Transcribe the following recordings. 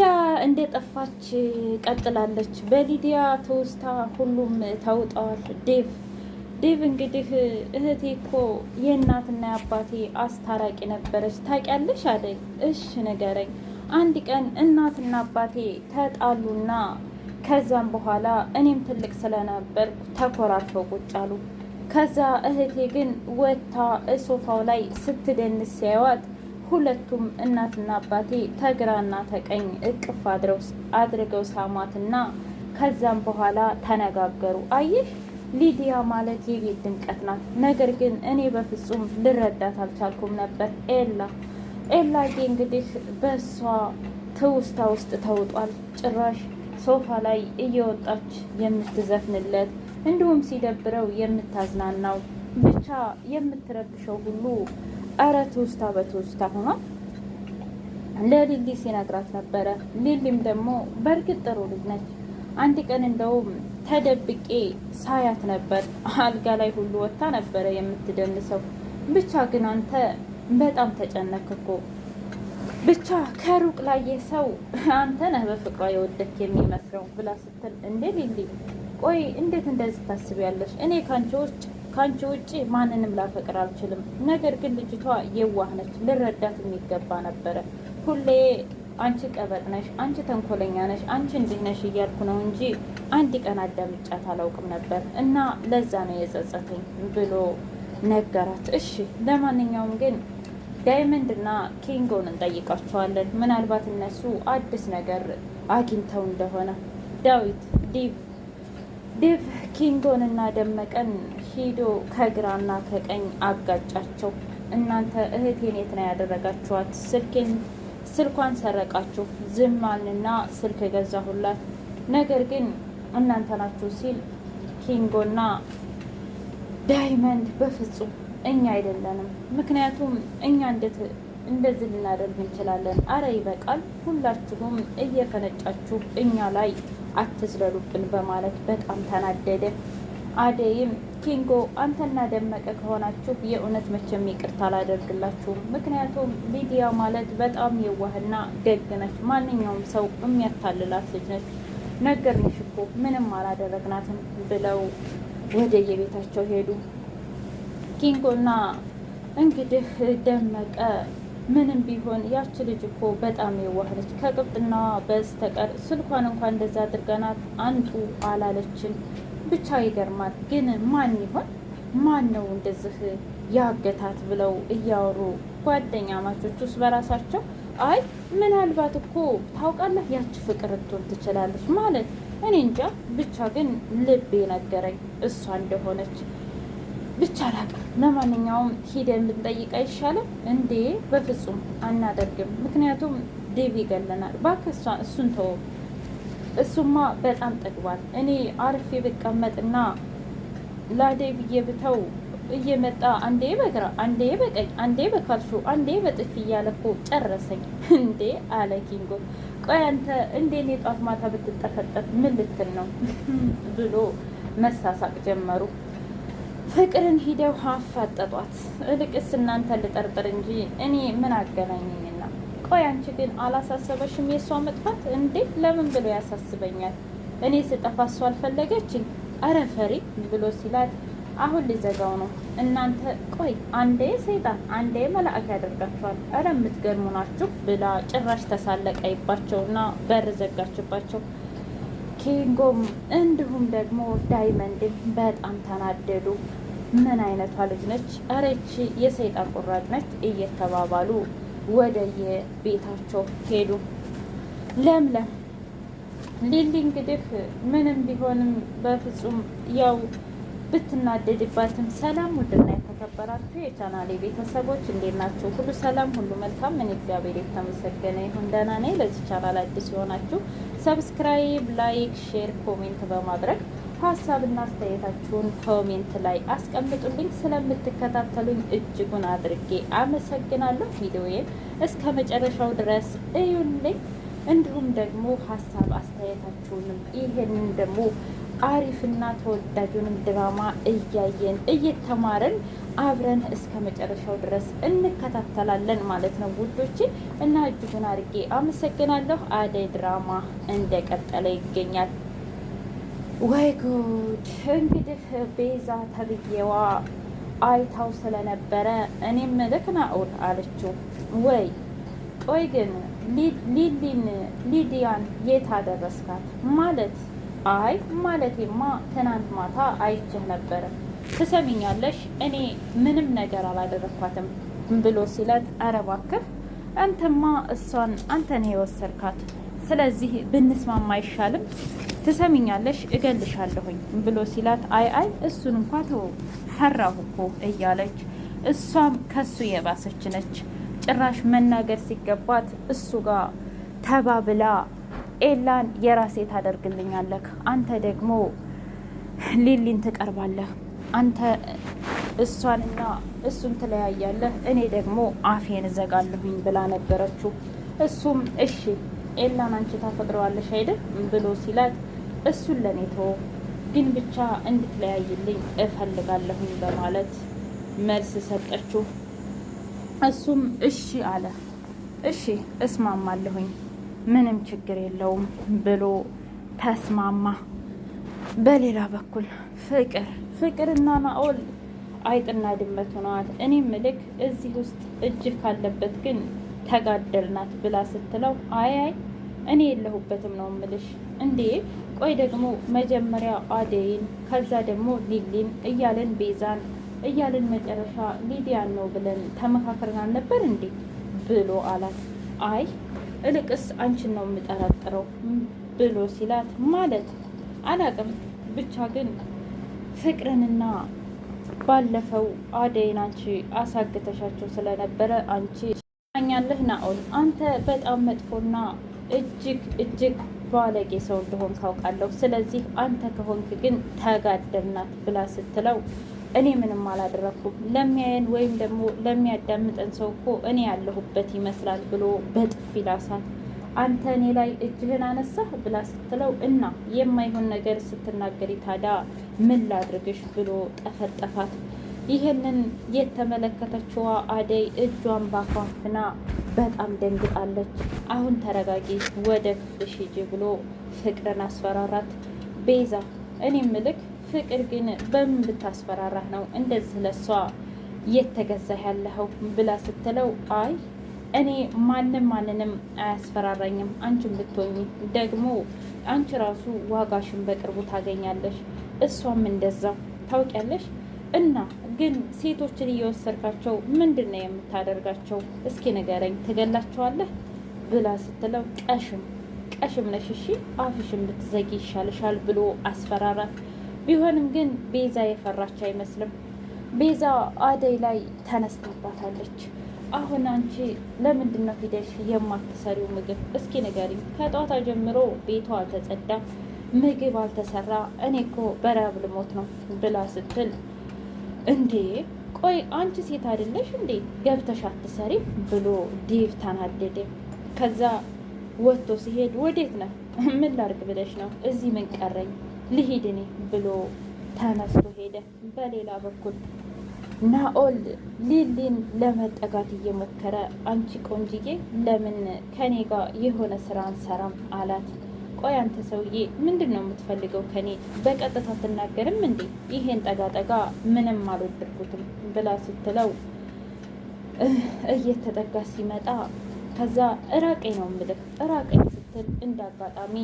ያ እንደ ጠፋች ቀጥላለች። በሊዲያ ትውስታ ሁሉም ተውጠዋል። ዴቭ ዴቭ እንግዲህ እህቴ እኮ የእናትና የአባቴ አስታራቂ ነበረች ታውቂያለሽ አለ። እሽ ንገረኝ። አንድ ቀን እናትና አባቴ ተጣሉና ከዛም በኋላ እኔም ትልቅ ስለነበርኩ ተኮራርፈው ቁጭ አሉ። ከዛ እህቴ ግን ወታ እሶፋው ላይ ስትደንስ ሲያዋት ሁለቱም እናትና አባቴ ተግራና ተቀኝ እቅፍ አድርገው ሳማትና ከዛም በኋላ ተነጋገሩ። አየህ ሊዲያ ማለት የቤት ድምቀት ናት። ነገር ግን እኔ በፍጹም ልረዳት አልቻልኩም ነበር። ኤላ ኤላጌ እንግዲህ በእሷ ትውስታ ውስጥ ተውጧል። ጭራሽ ሶፋ ላይ እየወጣች የምትዘፍንለት እንዲሁም ሲደብረው የምታዝናናው ብቻ የምትረብሸው ሁሉ ኧረ ትውስታ በትውስታ ሆኗል። ለሊሊ ሲነግራት ነበረ። ሊሊም ደግሞ በእርግጥ ጥሩ ልጅ ነች። አንድ ቀን እንደውም ተደብቄ ሳያት ነበር። አልጋ ላይ ሁሉ ወጥታ ነበረ የምትደንሰው። ብቻ ግን አንተ በጣም ተጨነክ እኮ። ብቻ ከሩቅ ላየ ሰው አንተ ነህ በፍቅሯ የወደክ የሚመስለው ብላ ስትል፣ እንዴ ሊሊ፣ ቆይ እንዴት እንደዚህ ታስቢያለሽ? እኔ ካንቺ ውጭ ከአንቺ ውጭ ማንንም ላፈቅር አልችልም። ነገር ግን ልጅቷ የዋህ ነች፣ ልረዳት የሚገባ ነበረ። ሁሌ አንቺ ቀበጥ ነሽ፣ አንቺ ተንኮለኛ ነሽ፣ አንቺ ነሽ እያልኩ ነው እንጂ አንድ ቀን አዳምጫት አላውቅም ነበር እና ለዛ ነው የጸጸተኝ ብሎ ነገራት። እሺ ለማንኛውም ግን ዳይመንድ እና ኪንጎን እንጠይቃቸዋለን። ምናልባት እነሱ አዲስ ነገር አግኝተው እንደሆነ ዳዊት ዲቭ ዲቭ ኪንጎን እና ደመቀን ሂዶ ከግራና ከቀኝ አጋጫቸው። እናንተ እህቴን የት ነው ያደረጋችኋት? ስልኬን ስልኳን ሰረቃችሁ ዝም አልንና ስልክ ገዛሁላት፣ ነገር ግን እናንተ ናችሁ ሲል ኪንጎና ዳይመንድ በፍጹም እኛ አይደለንም። ምክንያቱም እኛ እንደት እንደዚህ ልናደርግ እንችላለን? አረ ይበቃል፣ ሁላችሁም እየፈነጫችሁ እኛ ላይ አትዝለሉብን በማለት በጣም ተናደደ። አደይም ኪንጎ አንተና ደመቀ ከሆናችሁ የእውነት መቼም ይቅርታ አላደርግላችሁም። ምክንያቱም ሊዲያ ማለት በጣም የዋህና ደግ ነች። ማንኛውም ሰው የሚያታልላት ልጅ ነች። ነገርንሽ እኮ ምንም አላደረግናትም ብለው ወደ የቤታቸው ሄዱ። ኪንጎና እንግዲህ ደመቀ ምንም ቢሆን ያች ልጅ እኮ በጣም የዋህነች ከቅብጥናዋ በስተቀር ስልኳን እንኳን እንደዛ አድርገናት አንጡ አላለችን ብቻ ይገርማል። ግን ማን ይሆን ማን ነው እንደዚህ ያገታት ብለው እያወሩ ጓደኛ ማቾች ውስጥ በራሳቸው አይ ምናልባት እኮ ታውቃለህ፣ ያች ፍቅር እትሆን ትችላለች ማለት እኔ እንጃ። ብቻ ግን ልቤ ነገረኝ እሷ እንደሆነች ብቻ ላቅ። ለማንኛውም ሂደን ብንጠይቅ አይሻልም እንዴ? በፍጹም አናደርግም። ምክንያቱም ዴቭ ይገለናል። እባክህ እሷ እሱን ተወው። እሱማ በጣም ጠግቧል። እኔ አርፌ ብቀመጥና ላደይ ብዬ ብተው እየመጣ አንዴ በግራ አንዴ በቀኝ አንዴ በካልሹ አንዴ በጥፊ እያለ እኮ ጨረሰኝ እንዴ አለ ኪንጎ። ቆይ አንተ እንዴ እኔ ጧት ማታ ብትጠፈጠፍ ምን ልትል ነው ብሎ መሳሳቅ ጀመሩ። ፍቅርን ሂደው አፋጠጧት። እልቅስ እናንተ ልጠርጥር እንጂ እኔ ምን አገናኘኝ ቆይ አንቺ ግን አላሳሰበሽም? የእሷ መጥፋት እንዴት ለምን ብሎ ያሳስበኛል? እኔ ስጠፋ እሷ አልፈለገችኝ አረ ፈሪ ብሎ ሲላት አሁን ሊዘጋው ነው። እናንተ ቆይ አንዴ ሰይጣን አንዴ መላእክ ያደርጋችኋል። አረ የምትገርሙ ናችሁ ብላ ጭራሽ ተሳለቀይባቸውና በር ዘጋችባቸው። ኪንጎም እንዲሁም ደግሞ ዳይመንድን በጣም ተናደዱ። ምን አይነቷ ልጅ ነች? አረቺ የሰይጣን ቁራጭ ነች እየተባባሉ ወደ የቤታቸው ሄዱ። ለምለም ሊሊ እንግዲህ ምንም ቢሆንም በፍጹም ያው ብትናደድባትም ሰላም ውድና የተከበራችሁ የቻናሌ ቤተሰቦች እንዴት ናቸው? ሁሉ ሰላም፣ ሁሉ መልካም። ምን እግዚአብሔር የተመሰገነ ይሁን። ደህና ነኝ። ለዚህ ቻናል አዲስ የሆናችሁ ሰብስክራይብ፣ ላይክ፣ ሼር፣ ኮሜንት በማድረግ ሀሳብና አስተያየታችሁን ኮሜንት ላይ አስቀምጡልኝ። ስለምትከታተሉኝ እጅጉን አድርጌ አመሰግናለሁ። ቪዲዮዬን እስከ መጨረሻው ድረስ እዩልኝ። እንዲሁም ደግሞ ሀሳብ አስተያየታችሁንም ይሄንን ደግሞ አሪፍና ተወዳጁንም ድራማ እያየን እየተማረን አብረን እስከ መጨረሻው ድረስ እንከታተላለን ማለት ነው ውዶች። እና እጅጉን አድርጌ አመሰግናለሁ። አደይ ድራማ እንደቀጠለ ይገኛል። ወይ ጉድ! እንግዲህ ቤዛ ተብዬዋ አይታው ስለነበረ እኔም ልክ ናኡል አለችው። ወይ ቆይ ግን ሊሊን ሊዲያን የት አደረስካት? ማለት አይ ማለቴማ ትናንት ማታ አይችህ ነበረ። ትሰሚኛለሽ እኔ ምንም ነገር አላደረኳትም ብሎ ሲለት፣ አረ እባክህ አንተማ እሷን አንተን የወሰድካት ስለዚህ ብንስማማ አይሻልም? ትሰሚኛለሽ፣ እገልሻለሁኝ ብሎ ሲላት አይ አይ እሱን እንኳ ተው ፈራሁ እኮ እያለች እሷም ከሱ የባሰች ነች። ጭራሽ መናገር ሲገባት እሱ ጋር ተባብላ ኤላን የራሴ ታደርግልኛለህ፣ አንተ ደግሞ ሊሊን ትቀርባለህ፣ አንተ እሷንና እሱን ትለያያለህ፣ እኔ ደግሞ አፌን እዘጋለሁኝ ብላ ነበረችው። እሱም እሺ ኤላን አንቺ ታፈቅረዋለሽ አይደል ብሎ ሲላት እሱን ለኔቶ ተወው፣ ግን ብቻ እንድትለያይልኝ እፈልጋለሁኝ በማለት መልስ ሰጠችው። እሱም እሺ አለ። እሺ እስማማለሁኝ፣ ምንም ችግር የለውም ብሎ ተስማማ። በሌላ በኩል ፍቅር ፍቅርና ናኦል አይጥና ድመት ሆነዋል። እኔም ልክ እዚህ ውስጥ እጅ ካለበት ግን ተጋደልናት ብላ ስትለው አይ አይ እኔ የለሁበትም ነው ምልሽ እንዴ ቆይ ደግሞ መጀመሪያ አደይን ከዛ ደግሞ ሊሊን እያልን ቤዛን እያልን መጨረሻ ሊዲያን ነው ብለን ተመካከርን ነበር እንዴ ብሎ አላት። አይ እልቅስ አንቺን ነው የምጠራጥረው ብሎ ሲላት ማለት አላቅም ብቻ ግን ፍቅርንና ባለፈው አደይን አንቺ አሳግተሻቸው ስለነበረ አንቺ ኛለህ ናኦል አንተ በጣም መጥፎና እጅግ እጅግ ባለጌ ሰው እንደሆን ካውቃለሁ። ስለዚህ አንተ ከሆንክ ግን ተጋደልናት ብላ ስትለው እኔ ምንም አላደረግኩም ለሚያየን ወይም ደግሞ ለሚያዳምጠን ሰው እኮ እኔ ያለሁበት ይመስላል ብሎ በጥፊ ላሳት። አንተ እኔ ላይ እጅህን አነሳህ ብላ ስትለው እና የማይሆን ነገር ስትናገሪ ታዲያ ምን ላድርግሽ ብሎ ጠፈጠፋት። ይህንን የተመለከተችዋ አደይ እጇን ባኳፍና በጣም ደንግጣለች። አሁን ተረጋጊ፣ ወደ ክፍልሽ ሂጂ ብሎ ፍቅርን አስፈራራት። ቤዛ እኔ ምልክ ፍቅር ግን በምን ብታስፈራራህ ነው እንደዚህ ለሷ የተገዛ ያለኸው ብላ ስትለው አይ እኔ ማንም ማንንም አያስፈራራኝም። አንቺም ብትወኝ ደግሞ አንቺ ራሱ ዋጋሽን በቅርቡ ታገኛለሽ። እሷም እንደዛ ታውቂያለሽ እና ግን ሴቶችን እየወሰድካቸው ምንድን ነው የምታደርጋቸው? እስኪ ንገረኝ፣ ትገላቸዋለህ ብላ ስትለው ቀሽም ቀሽም ነሽ እሺ፣ አፍሽን ብትዘጊ ይሻልሻል ብሎ አስፈራራት። ቢሆንም ግን ቤዛ የፈራች አይመስልም። ቤዛ አደይ ላይ ተነስታባታለች። አሁን አንቺ ለምንድን ነው ሂደሽ የማትሰሪው ምግብ? እስኪ ንገሪኝ። ከጠዋታ ጀምሮ ቤቷ አልተጸዳም፣ ምግብ አልተሰራ፣ እኔ እኮ በረሃብ ልሞት ነው ብላ ስትል እንዴ ቆይ አንቺ ሴት አይደለሽ እንዴ ገብተሽ አትሰሪ ብሎ ዴቭ ተናደደ። ከዛ ወጥቶ ሲሄድ ወዴት ነው ምን ላርግ ብለሽ ነው እዚህ ምን ቀረኝ ልሂድ እኔ ብሎ ተነስቶ ሄደ። በሌላ በኩል ናኦል ሊሊን ለመጠጋት እየሞከረ አንቺ ቆንጅዬ ለምን ከኔ ጋር የሆነ ስራ አንሰራም አላት። ቆይ አንተ ሰውዬ ምንድን ነው የምትፈልገው ከኔ? በቀጥታ አትናገርም እንዴ? ይሄን ጠጋጠጋ ምንም አልወደድኩትም ብላ ስትለው እየተጠጋ ሲመጣ ከዛ እራቀኝ ነው ምልክ እራቀኝ ስትል እንደ አጋጣሚ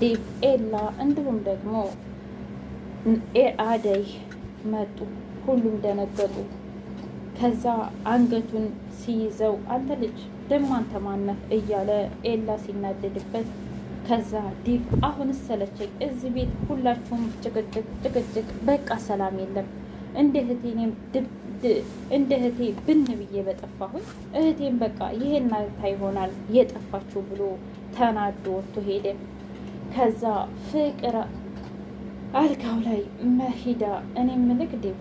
ዴቭ፣ ኤላ እንዲሁም ደግሞ አደይ መጡ። ሁሉም ደነገጡ። ከዛ አንገቱን ሲይዘው አንተ ልጅ ደማንተ አንተ ማነህ እያለ ኤላ ሲናደድበት ከዛ ዲቭ አሁን ሰለቸኝ፣ እዚህ ቤት ሁላችሁም ጭቅጭቅ ጭቅጭቅ፣ በቃ ሰላም የለም። እንደ እህቴ እንደ እህቴ ብን ብዬ በጠፋሁኝ እህቴም በቃ ይሄን ናታ ይሆናል የጠፋችሁ ብሎ ተናዶ ወጥቶ ሄደ። ከዛ ፍቅር አልጋው ላይ መሂዳ እኔ ምልክ ዴቭ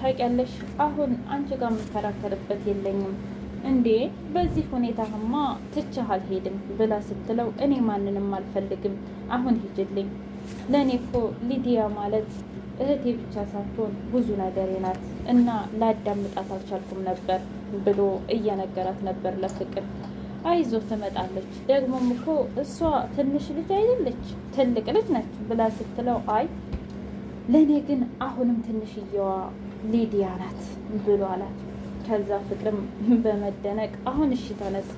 ታውቂያለሽ፣ አሁን አንቺ ጋር የምከራከርበት የለኝም እንዴ በዚህ ሁኔታህማ ትቼህ አልሄድም ብላ ስትለው እኔ ማንንም አልፈልግም፣ አሁን ሂጅልኝ። ለእኔ እኮ ሊዲያ ማለት እህቴ ብቻ ሳትሆን ብዙ ነገሬ ናት እና ላዳምጣት አልቻልኩም ነበር ብሎ እየነገራት ነበር ለፍቅር። አይዞ ትመጣለች፣ ደግሞም እኮ እሷ ትንሽ ልጅ አይደለች ትልቅ ልጅ ነች ብላ ስትለው አይ ለእኔ ግን አሁንም ትንሽየዋ ሊዲያ ናት ብሎ አላት። ከዛ ፍቅርም በመደነቅ አሁን እሺ ተነስ፣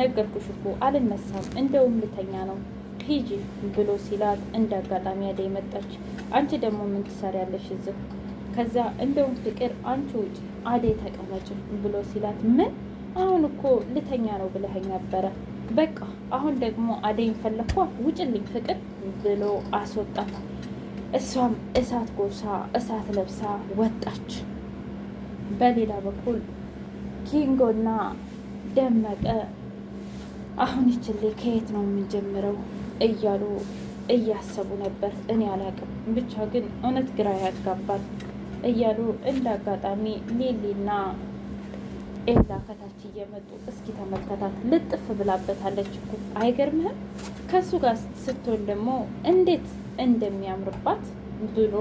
ነገርኩሽ እኮ አልነሳም፣ እንደውም ልተኛ ነው ሂጂ ብሎ ሲላት እንደ አጋጣሚ አደይ መጣች። አንቺ ደግሞ ምን ትሰሪያለሽ እዚህ? ከዛ እንደውም ፍቅር አንቺ ውጭ አደይ ተቀመጭ ብሎ ሲላት ምን አሁን እኮ ልተኛ ነው ብለኸኝ ነበረ በቃ አሁን ደግሞ አደይን ፈለግኳ፣ ውጭልኝ ፍቅር ብሎ አስወጣት። እሷም እሳት ጎርሳ እሳት ለብሳ ወጣች። በሌላ በኩል ኪንጎና ደመቀ አሁን ይችል ከየት ነው የምንጀምረው እያሉ እያሰቡ ነበር። እኔ አላቅም ብቻ ግን እውነት ግራ ያጋባል እያሉ እንደ አጋጣሚ ሊሊና ኤላ ከታች እየመጡ እስኪ ተመልከታት፣ ልጥፍ ብላበታለች እኮ አይገርምህም? ከእሱ ጋር ስትሆን ደግሞ እንዴት እንደሚያምርባት ብሎ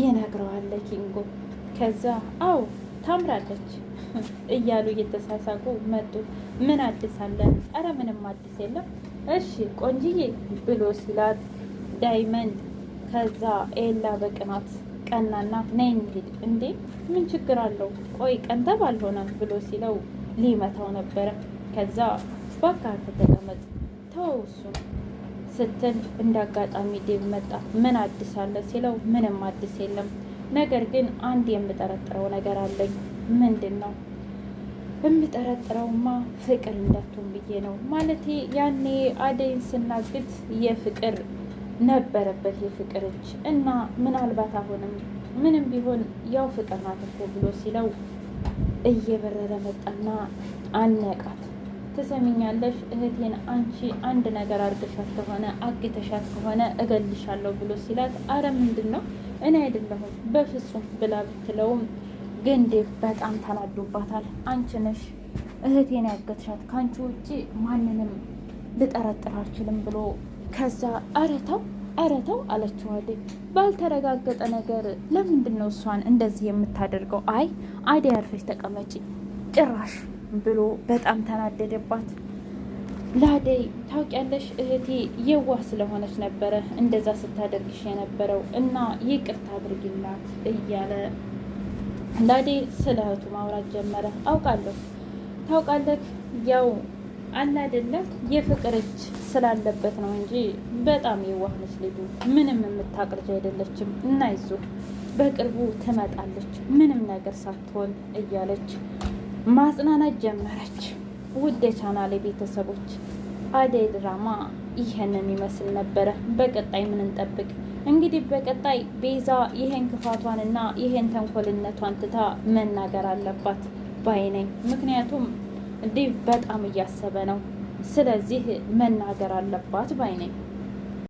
ይነግረዋል ኪንጎ ከዛ አዎ ታምራለች እያሉ እየተሳሳቁ መጡ። ምን አዲስ አለ? ኧረ ምንም አዲስ የለም። እሺ ቆንጅዬ ብሎ ሲላት ዳይመንድ ከዛ ኤላ በቅናት ቀናና ነይ እንሂድ። እንዴ ምን ችግር አለው? ቆይ ቀንተብ አልሆነም ብሎ ሲለው ሊመታው ነበረ። ከዛ ባካህ ተቀመጥ ተው እሱን ስትል እንዳጋጣሚ ዴብ መጣ። ምን አዲስ አለ ሲለው ምንም አዲስ የለም ነገር ግን አንድ የምጠረጥረው ነገር አለኝ። ምንድን ነው የምጠረጥረውማ? ፍቅር እንዳትሆን ብዬ ነው። ማለቴ ያኔ አደይን ስናግድ የፍቅር ነበረበት የፍቅር እጅ እና ምናልባት አሁንም ምንም ቢሆን ያው ፍቅር ናት እኮ ብሎ ሲለው እየበረረ መጣና አነቃት። ትሰሚኛለሽ እህቴን አንቺ አንድ ነገር አድርገሻት ከሆነ አግተሻት ከሆነ እገልሻለሁ ብሎ ሲላት፣ አረ ምንድን ነው እኔ አይደለሁም በፍጹም ብላ ብትለውም ግንዴ በጣም ተናዶባታል። አንቺ ነሽ እህቴን ያገትሻት ከአንቺ ውጭ ማንንም ልጠረጥር አልችልም ብሎ ከዛ አረተው አረተው አለችዋል። ባልተረጋገጠ ነገር ለምንድን ነው እሷን እንደዚህ የምታደርገው? አይ አዲ አርፈሽ ተቀመጪ ጭራሽ ብሎ በጣም ተናደደባት። ለአደይ ታውቂያለሽ እህቴ የዋህ ስለሆነች ነበረ እንደዛ ስታደርግሽ የነበረው እና ይቅርታ አድርጊላት እያለ ለአደይ ስለ እህቱ ማውራት ጀመረ። አውቃለሁ ታውቃለህ ያው አላደለም የፍቅር እጅ ስላለበት ነው እንጂ በጣም የዋህ ነች ልጁ። ምንም የምታቅርጅ አይደለችም እና ይዞ በቅርቡ ትመጣለች ምንም ነገር ሳትሆን እያለች ማጽናናት ጀመረች። ውድ የቻናሌ ቤተሰቦች አደይ ድራማ ይህንን ይመስል ነበረ። በቀጣይ ምን እንጠብቅ? እንግዲህ በቀጣይ ቤዛ ይህን ክፋቷንና ይህን ተንኮልነቷን ትታ መናገር አለባት ባይነኝ። ምክንያቱም ዲቭ በጣም እያሰበ ነው። ስለዚህ መናገር አለባት ባይነኝ።